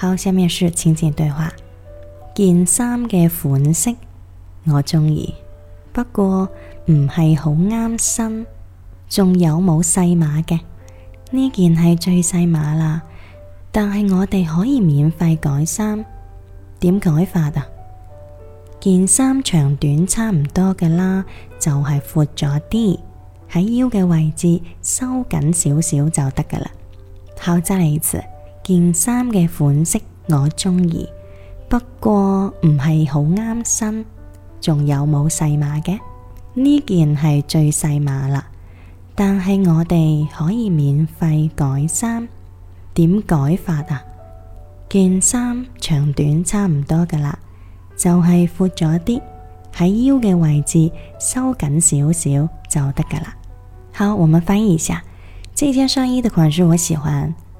好，下面說，淺淺對話。件衫嘅款式我鍾意，不過唔係好啱身，仲有冇細碼嘅？呢件係最細碼啦，但係我哋可以免費改衫。點改法啊？件衫長短差唔多噶啦，就係闊咗啲，喺腰嘅位置收緊少少就得噶啦。好，再嚟一次。件衫嘅款式我鍾意，不過唔係好啱身，仲有冇細碼嘅？呢件係最細碼啦，但係我哋可以免費改衫，點改法啊？件衫長短差唔多噶啦，就係闊咗啲，喺腰嘅位置收緊少少就得噶啦。好，我們翻譯一下，這件上衣的款式我喜歡。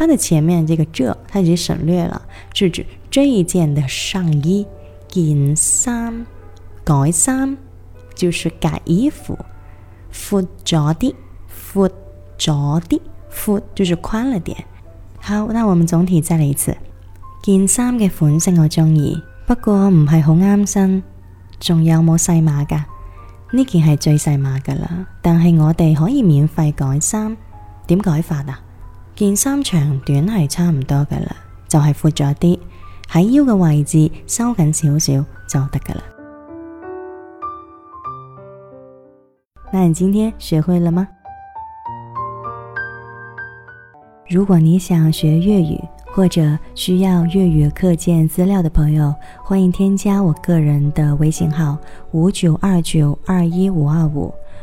它的前面這個“這”它已經省略了，就指這一件的上衣。件衫、改衫就是改衣服。闊咗啲，闊咗啲，闊就是寬了點。好，那我們總體再來一次。件衫嘅款式我中意，不過唔係好啱身，仲有冇細碼噶？呢件係最細碼噶啦，但係我哋可以免費改衫，點改法啊？件衫長短係差唔多噶啦，就係闊咗啲，喺腰嘅位置收緊少少就得噶啦。那你今天學會了嗎？如果你想學粵語或者需要粵語課件資料嘅朋友，歡迎添加我個人嘅微信號五九二九二一五二五。